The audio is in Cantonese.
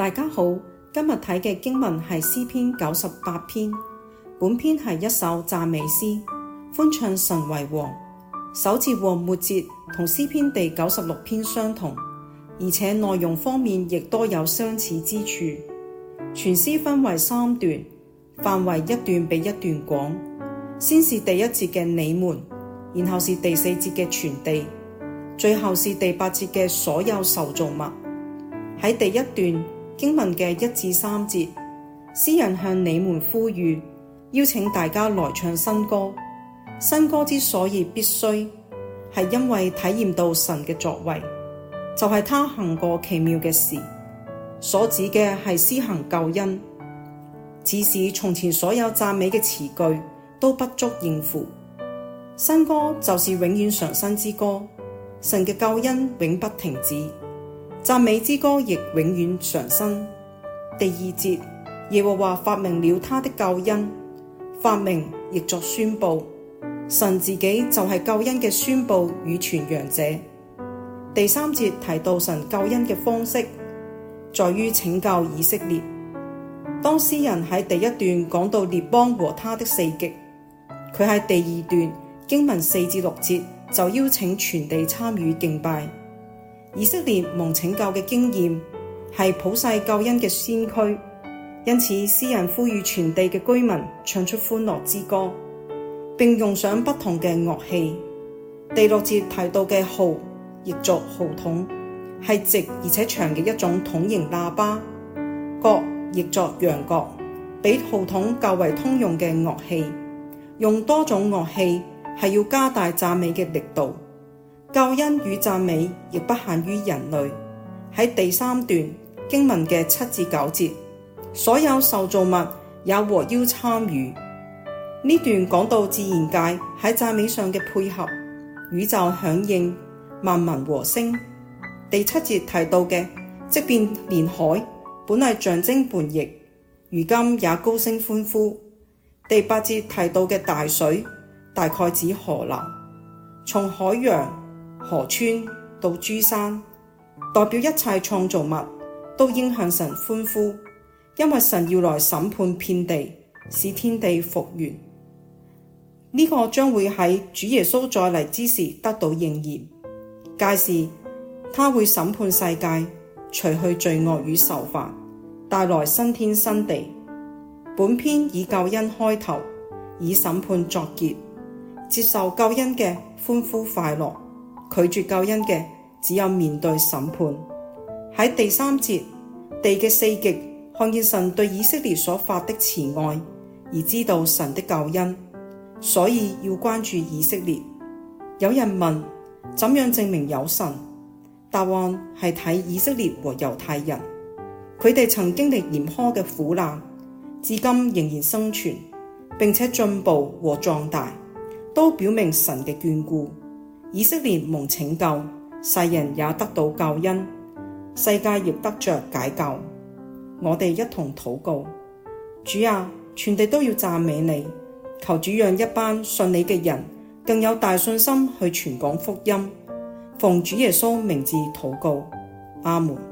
大家好，今日睇嘅經文係詩篇九十八篇，本篇係一首讚美詩，歡唱神為王。首節和末節同詩篇第九十六篇相同，而且內容方面亦多有相似之處。全詩分為三段，範圍一段比一段廣，先是第一節嘅你們，然後是第四節嘅全地，最後是第八節嘅所有受造物。喺第一段。經文嘅一至三節，詩人向你們呼籲，邀請大家來唱新歌。新歌之所以必須，係因為體驗到神嘅作為，就係、是、他行過奇妙嘅事。所指嘅係施行救恩，只是從前所有讚美嘅詞句都不足應付。新歌就是永遠常新之歌，神嘅救恩永不停止。讚美之歌亦永遠常新。第二節，耶和華發明了他的救恩，發明亦作宣布。神自己就係救恩嘅宣布與傳揚者。第三節提到神救恩嘅方式，在於拯救以色列。當詩人喺第一段講到列邦和他的四極，佢喺第二段經文四至六節就邀請全地參與敬拜。以色列蒙拯救嘅經驗係普世救恩嘅先驅，因此詩人呼籲全地嘅居民唱出歡樂之歌，並用上不同嘅樂器。第六節提到嘅號，亦作號筒，係直而且長嘅一種筒形喇叭。角亦作羊角，比號筒較為通用嘅樂器。用多種樂器係要加大讚美嘅力度。救恩與讚美亦不限於人類。喺第三段經文嘅七至九節，所有受造物也獲邀參與。呢段講到自然界喺讚美上嘅配合，宇宙響應，萬民和聲。第七節提到嘅，即便連海本係象徵叛逆，如今也高聲歡呼。第八節提到嘅大水，大概指河流，從海洋。河川到諸山，代表一切創造物都應向神歡呼，因為神要來審判遍地，使天地復原。呢、這個將會喺主耶穌再嚟之時得到應驗。屆時他會審判世界，除去罪惡與愁煩，帶來新天新地。本篇以救恩開頭，以審判作結，接受救恩嘅歡呼快樂。拒絕救恩嘅，只有面對審判。喺第三節，地嘅四極看見神對以色列所發的慈愛，而知道神的救恩，所以要關注以色列。有人問，怎樣證明有神？答案係睇以色列和猶太人，佢哋曾經歷嚴苛嘅苦難，至今仍然生存，並且進步和壯大，都表明神嘅眷顧。以色列蒙拯救，世人也得到救恩，世界亦得着解救。我哋一同禱告，主啊，全地都要讚美你。求主讓一班信你嘅人更有大信心去傳講福音，奉主耶穌名字禱告，阿門。